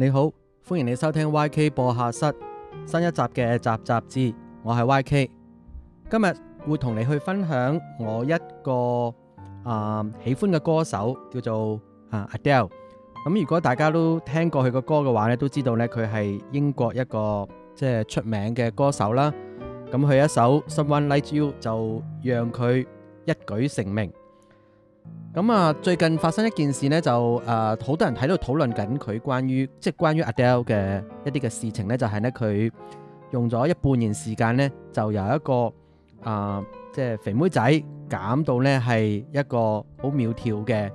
你好，歡迎你收聽 YK 播客室新一集嘅集集志，我係 YK，今日會同你去分享我一個啊、呃、喜歡嘅歌手，叫做啊 Adele。咁、嗯、如果大家都聽過佢嘅歌嘅話咧，都知道咧佢係英國一個即係出名嘅歌手啦。咁、嗯、佢一首 Someone Like You 就讓佢一舉成名。咁啊，最近發生一件事呢，就誒、好、呃、多人喺度討論緊佢關於即係關於 Adele 嘅一啲嘅事情呢，就係呢，佢用咗一半年時間呢，就由一個誒、呃、即係肥妹仔減到呢係一個好苗條嘅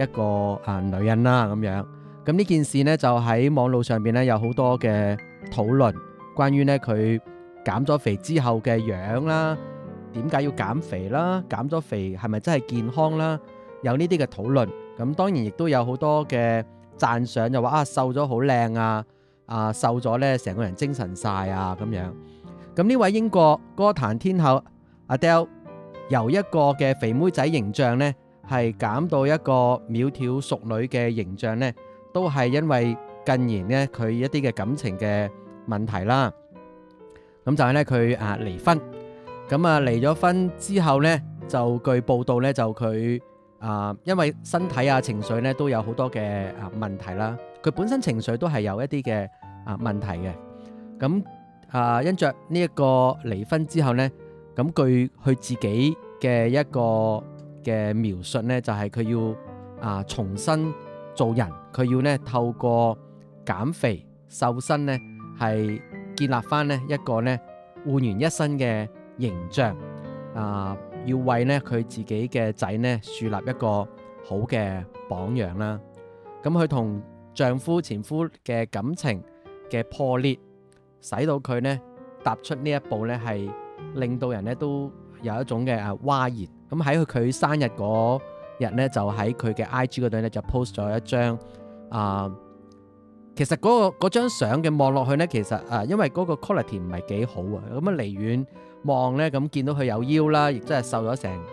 一個誒、呃、女人啦咁樣。咁呢件事呢，就喺網絡上邊呢，有好多嘅討論，關於呢，佢減咗肥之後嘅樣啦。點解要減肥啦？減咗肥係咪真係健康啦？有呢啲嘅討論，咁當然亦都有好多嘅讚賞就，就話啊瘦咗好靚啊，啊瘦咗呢成個人精神晒啊咁樣。咁呢位英國歌壇天后阿 Adele 由一個嘅肥妹仔形象呢，係減到一個苗條淑女嘅形象呢，都係因為近年呢，佢一啲嘅感情嘅問題啦。咁就係呢，佢啊離婚。咁啊！離咗婚之後呢，就據報道呢，就佢啊、呃，因為身體啊、情緒呢都有好多嘅啊問題啦。佢本身情緒都係有一啲嘅啊問題嘅。咁啊、呃，因着呢一個離婚之後呢，咁據佢自己嘅一個嘅描述呢，就係、是、佢要啊、呃、重新做人，佢要呢透過減肥瘦身呢，係建立返呢一個呢煥然一新嘅形象啊、呃，要為咧佢自己嘅仔咧樹立一個好嘅榜樣啦。咁佢同丈夫前夫嘅感情嘅破裂，使到佢咧踏出呢一步咧，係令到人咧都有一種嘅嘩然。咁喺佢生日嗰日咧，就喺佢嘅 I G 嗰度咧就 post 咗一張啊、呃，其實嗰、嗰個張相嘅望落去咧，其實啊、呃，因為嗰個 quality 唔係幾好啊，咁啊離遠。離遠望咧，咁見到佢有腰啦，亦都係瘦咗成，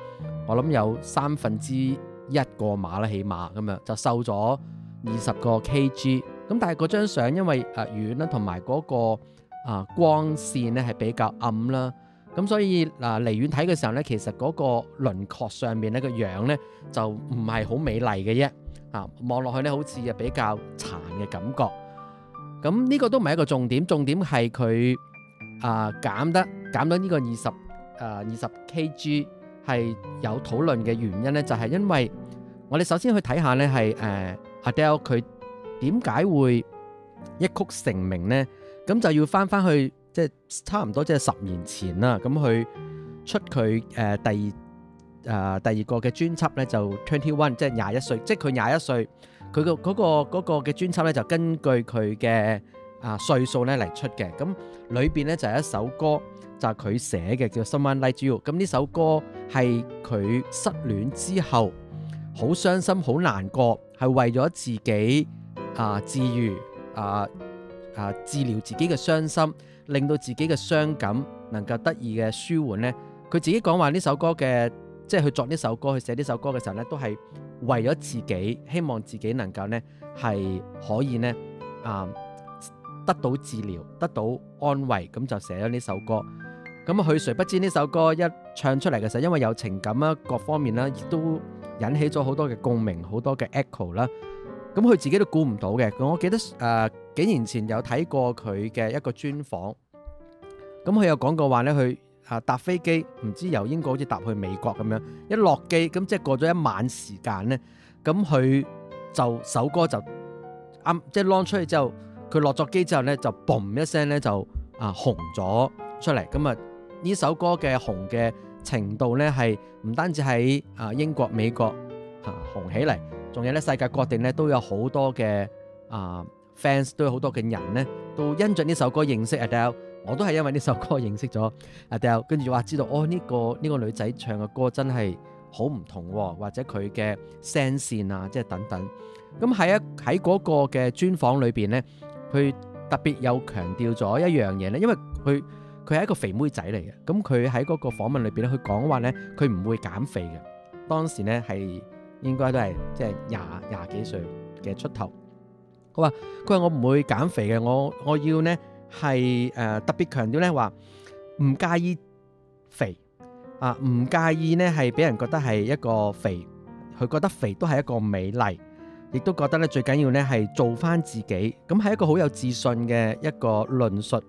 我諗有三分之一個碼啦，起碼咁樣就瘦咗二十個 K G。咁但係嗰張相因為啊遠啦，同埋嗰個啊光線咧係比較暗啦，咁所以嗱離遠睇嘅時候咧，其實嗰個輪廓上面咧個樣咧就唔係好美麗嘅啫。啊，望落去咧好似係比較殘嘅感覺。咁呢個都唔係一個重點，重點係佢啊減得。減到呢個二十，誒二十 KG 係有討論嘅原因咧，就係因為我哋首先去睇下咧，係誒 Adele 佢點解會一曲成名咧？咁就要翻翻去，即係差唔多即係十年前啦。咁佢出佢誒第誒第二個嘅專輯咧，就 Twenty One，即係廿一歲，即係佢廿一歲。佢個嗰個嗰個嘅專輯咧，就根據佢嘅啊歲數咧嚟出嘅。咁裏邊咧就係一首歌。就佢寫嘅叫《Someone Like You》，咁呢首歌係佢失戀之後好傷心、好難過，係為咗自己啊、呃、治愈、呃，啊啊治療自己嘅傷心，令到自己嘅傷感能夠得以嘅舒緩呢。佢自己講話呢首歌嘅，即、就、係、是、去作呢首歌、去寫呢首歌嘅時候呢，都係為咗自己，希望自己能夠呢係可以呢啊、呃、得到治療、得到安慰，咁就寫咗呢首歌。咁佢誰不知呢首歌一唱出嚟嘅時候，因為有情感啦，各方面啦，亦都引起咗好多嘅共鳴，好多嘅 echo 啦。咁佢自己都估唔到嘅。我記得誒幾、呃、年前有睇過佢嘅一個專訪。咁佢有講過話咧，佢啊搭飛機，唔知由英國好似搭去美國咁樣，一落機咁即係過咗一晚時間咧，咁佢就首歌就啱，即係 launch 出去之後，佢落咗機之後咧，就嘣一聲咧就啊紅咗出嚟。咁啊～呢首歌嘅紅嘅程度呢，係唔單止喺啊英國、美國嚇、啊、紅起嚟，仲有呢世界各地呢都有好多嘅啊 fans，都有好多嘅人呢，都欣賞呢首歌，認識 Adele。我都係因為呢首歌認識咗 Adele，跟住話知道哦呢、這個呢、這個女仔唱嘅歌真係好唔同、哦，或者佢嘅聲線啊，即係等等。咁喺一喺嗰個嘅專訪裏邊呢，佢特別有強調咗一樣嘢呢，因為佢。佢係一個肥妹仔嚟嘅，咁佢喺嗰個訪問裏邊咧，佢講話咧，佢唔會減肥嘅。當時咧係應該都係即係廿廿幾歲嘅出頭。佢話：佢話我唔會減肥嘅，我我要咧係誒特別強調咧話唔介意肥啊，唔介意咧係俾人覺得係一個肥，佢覺得肥都係一個美麗，亦都覺得咧最緊要咧係做返自己，咁係一個好有自信嘅一個論述。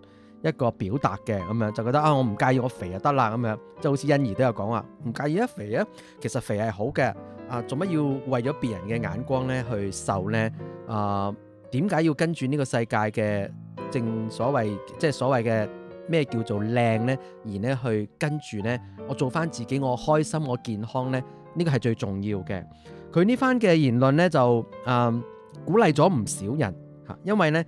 一個表達嘅咁樣，就覺得啊，我唔介意我肥就得啦咁樣，即係好似欣宜都有講呀，唔介意啊肥啊，其實肥係好嘅啊，做乜要為咗別人嘅眼光咧去瘦呢？啊，點解要跟住呢個世界嘅正所謂即係所謂嘅咩叫做靚呢？而呢去跟住呢，我做翻自己，我開心，我健康呢。這」呢個係最重要嘅。佢呢番嘅言論呢，就嗯、啊、鼓勵咗唔少人嚇，因為呢。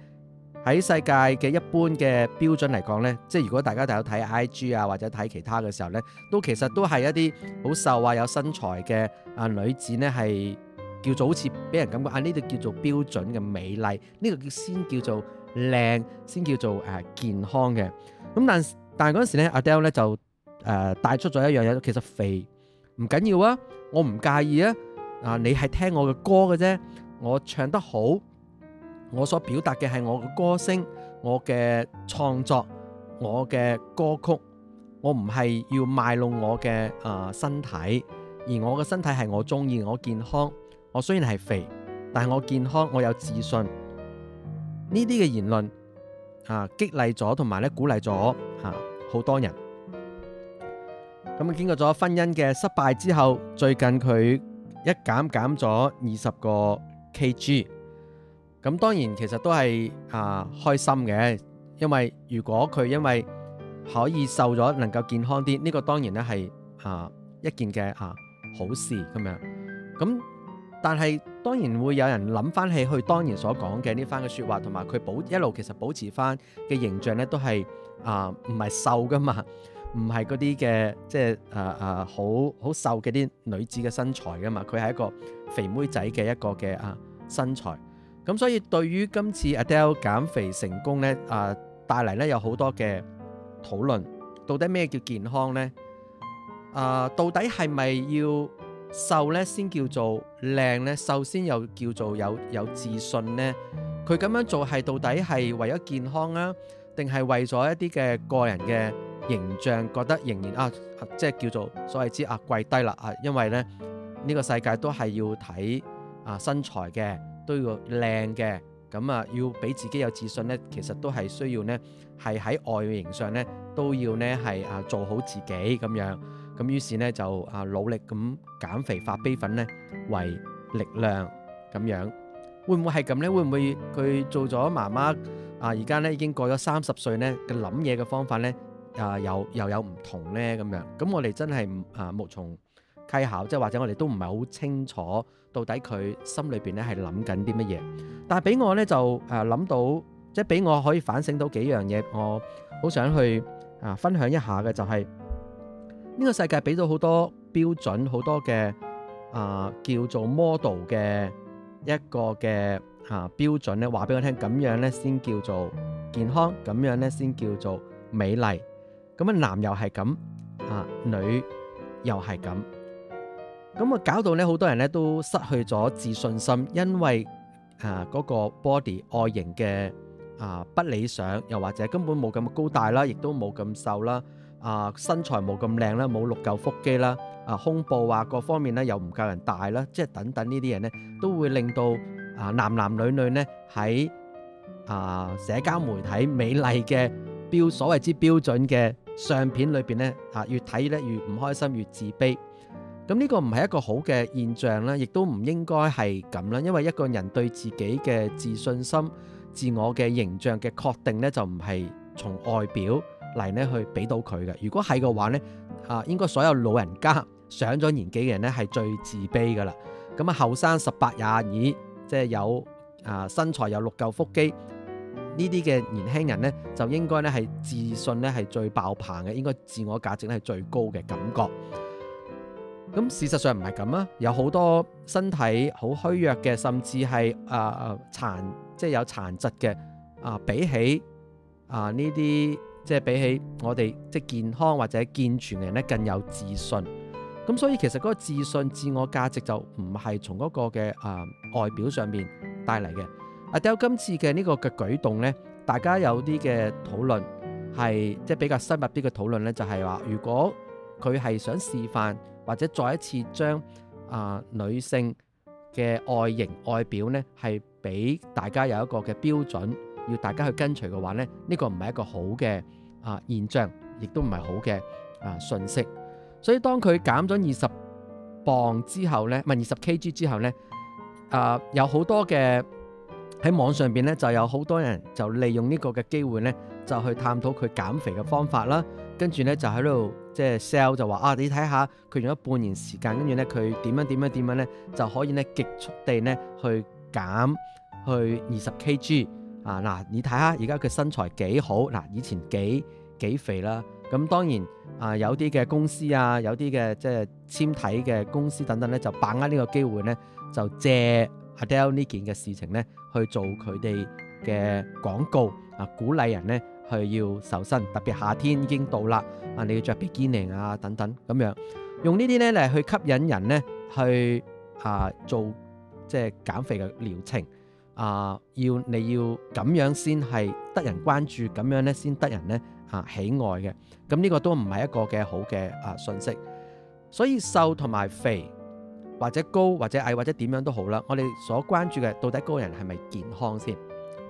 喺世界嘅一般嘅標準嚟講呢，即係如果大家都有睇 IG 啊，或者睇其他嘅時候呢，都其實都係一啲好瘦啊，有身材嘅啊女子呢，係叫做好似俾人感覺啊呢度叫做標準嘅美麗，呢個叫先叫做靚，先叫做誒健康嘅。咁但但係嗰陣時咧，Adele 呢就誒帶出咗一樣嘢，其實肥唔緊要啊，我唔介意啊。啊，你係聽我嘅歌嘅啫，我唱得好。我所表達嘅係我嘅歌聲，我嘅創作，我嘅歌曲，我唔係要賣弄我嘅啊身體，而我嘅身體係我鍾意，我健康，我雖然係肥，但係我健康，我有自信。呢啲嘅言論啊，激勵咗同埋咧鼓勵咗嚇好多人。咁啊，經過咗婚姻嘅失敗之後，最近佢一減減咗二十個 KG。咁當然其實都係啊、呃、開心嘅，因為如果佢因為可以瘦咗，能夠健康啲，呢、這個當然咧係啊一件嘅啊好事咁樣。咁但係當然會有人諗翻起佢當年所講嘅呢番嘅說話，同埋佢保一路其實保持翻嘅形象咧，都係啊唔係瘦噶嘛，唔係嗰啲嘅即係、呃、啊啊好好瘦嘅啲女子嘅身材噶嘛，佢係一個肥妹仔嘅一個嘅啊身材。咁所以對於今次阿 Del 減肥成功呢，啊帶嚟呢有好多嘅討論，到底咩叫健康呢？啊、呃，到底係咪要瘦呢？先叫做靚呢？瘦先又叫做有有自信呢？佢咁樣做係到底係為咗健康啊，定係為咗一啲嘅個人嘅形象，覺得仍然啊，即係叫做所謂之啊跪低啦啊，因為呢，呢、這個世界都係要睇啊身材嘅。都要靚嘅，咁啊要俾自己有自信呢，其實都係需要呢，係喺外形上呢，都要呢，係啊做好自己咁樣，咁於是呢，就啊努力咁減肥化悲憤呢，為力量咁樣，會唔會係咁呢？會唔會佢做咗媽媽啊？而家呢已經過咗三十歲呢？嘅諗嘢嘅方法呢，啊又，又有唔同呢？咁樣，咁我哋真係啊無從。稽考，即係或者我哋都唔係好清楚到底佢心裏邊咧係諗緊啲乜嘢，但係俾我咧就誒諗到，即係俾我可以反省到幾樣嘢，我好想去啊分享一下嘅就係呢個世界俾咗好多標準，好多嘅啊叫做 model 嘅一個嘅啊標準咧，話俾我聽，咁樣咧先叫做健康，咁樣咧先叫做美麗，咁啊男又係咁啊女又係咁。咁啊，搞到咧，好多人咧都失去咗自信心，因為啊，嗰個 body 外形嘅啊、呃、不理想，又或者根本冇咁高大啦，亦都冇咁瘦啦，啊、呃、身材冇咁靚啦，冇六嚿腹肌啦，啊胸部啊各方面咧又唔夠人大啦，即係等等呢啲嘢咧，都會令到啊男男女女咧喺啊社交媒體美麗嘅標所謂之標準嘅相片裏邊咧，啊、呃、越睇咧越唔開心，越自卑。咁呢個唔係一個好嘅現象啦，亦都唔應該係咁啦。因為一個人對自己嘅自信心、自我嘅形象嘅確定呢，就唔係從外表嚟呢去俾到佢嘅。如果係嘅話呢，啊，應該所有老人家上咗年紀嘅人呢，係最自卑噶啦。咁啊，後生十八廿二，即係有啊身材有六嚿腹肌呢啲嘅年輕人呢，就應該呢係自信呢係最爆棚嘅，應該自我價值呢係最高嘅感覺。咁事實上唔係咁啊，有好多身體好虛弱嘅，甚至係啊啊殘即係有殘疾嘅啊，比起啊呢啲即係比起我哋即係健康或者健全嘅人咧，更有自信。咁所以其實嗰個自信、自我價值就唔係從嗰個嘅啊、呃、外表上面帶嚟嘅。阿 Del 今次嘅呢個嘅舉動呢，大家有啲嘅討論係即係比較深入啲嘅討論呢，就係、是、話如果佢係想示範。或者再一次將啊、呃、女性嘅外形外表呢，係俾大家有一個嘅標準，要大家去跟隨嘅話咧，呢、呢個唔係一個好嘅啊、呃、現象，亦都唔係好嘅啊、呃、信息。所以當佢減咗二十磅之後呢，唔係二十 Kg 之後呢，啊、呃、有好多嘅喺網上邊呢，就有好多人就利用呢個嘅機會呢，就去探討佢減肥嘅方法啦。跟住呢，就喺度。即係 sell 就話啊，你睇下佢用咗半年時間，跟住呢，佢點樣點樣點樣呢，就可以呢，極速地呢，去減去二十 kg 啊！嗱，你睇下而家佢身材幾好，嗱、啊、以前幾幾肥啦。咁當然啊，有啲嘅公司啊，有啲嘅即係纖體嘅公司等等呢，就把握呢個機會呢，就借 Adele 呢件嘅事情呢，去做佢哋嘅廣告啊，鼓勵人呢。去要瘦身，特別夏天已經到啦，啊你要著比堅尼啊等等咁樣，用呢啲呢嚟去吸引人呢去啊、呃、做即係減肥嘅療程啊，要、呃、你要咁樣先係得人關注，咁樣呢先得人呢啊喜愛嘅，咁、嗯、呢、這個都唔係一個嘅好嘅啊信息，所以瘦同埋肥或者高或者矮或者點樣都好啦，我哋所關注嘅到底嗰人係咪健康先？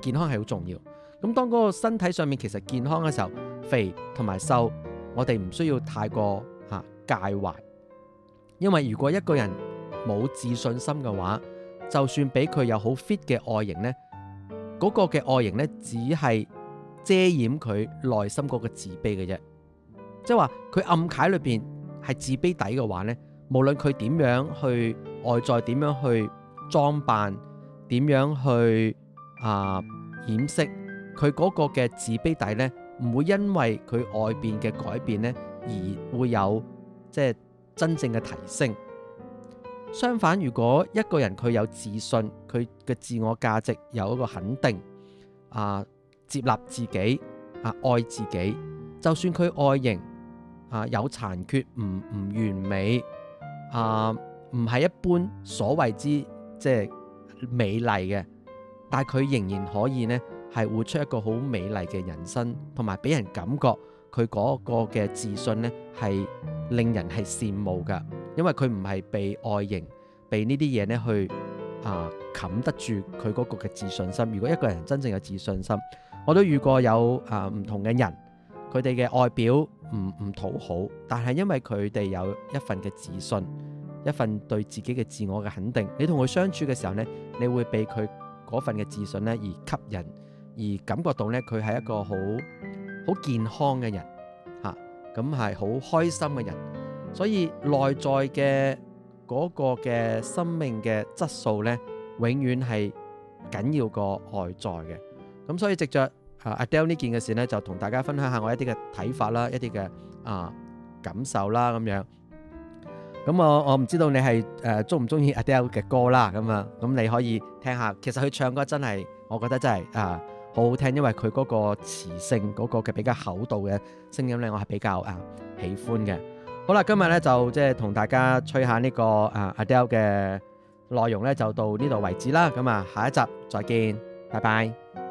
健康係好重要。咁當嗰個身體上面其實健康嘅時候，肥同埋瘦，我哋唔需要太過吓介、啊、懷。因為如果一個人冇自信心嘅話，就算俾佢有好 fit 嘅外形呢，嗰、嗰個嘅外形呢，只係遮掩佢內心嗰個自卑嘅啫。即係話佢暗解裏邊係自卑底嘅話呢，無論佢點樣去外在點樣去裝扮，點樣去啊掩飾。佢嗰個嘅自卑底呢，唔會因為佢外邊嘅改變呢，而會有即係真正嘅提升。相反，如果一個人佢有自信，佢嘅自我價值有一個肯定啊，接納自己啊，愛自己，就算佢外形啊有殘缺，唔唔完美啊，唔係一般所謂之即係美麗嘅，但佢仍然可以呢。係活出一個好美麗嘅人生，同埋俾人感覺佢嗰個嘅自信呢，係令人係羨慕嘅。因為佢唔係被外形，被呢啲嘢呢去啊冚、呃、得住佢嗰個嘅自信心。如果一個人真正有自信心，我都遇過有啊唔、呃、同嘅人，佢哋嘅外表唔唔討好，但係因為佢哋有一份嘅自信，一份對自己嘅自我嘅肯定，你同佢相處嘅時候呢，你會被佢嗰份嘅自信呢而吸引。而感覺到呢，佢係一個好好健康嘅人，嚇咁係好開心嘅人，所以內在嘅嗰個嘅生命嘅質素呢，永遠係緊要過外在嘅。咁、啊、所以藉着阿、啊、Adele 呢件嘅事呢，就同大家分享下我一啲嘅睇法啦，一啲嘅啊感受啦咁樣。咁我我唔知道你係誒鍾唔鍾意阿 Adele 嘅歌啦，咁啊，咁你可以聽下。其實佢唱歌真係，我覺得真係啊～好好聽，因為佢嗰個磁性嗰、那個嘅比較厚度嘅聲音咧，我係比較啊喜歡嘅。好啦，今日咧就即係同大家吹下、這個啊、的內呢個啊 Adele 嘅內容咧，就到呢度為止啦。咁、嗯、啊，下一集再見，拜拜。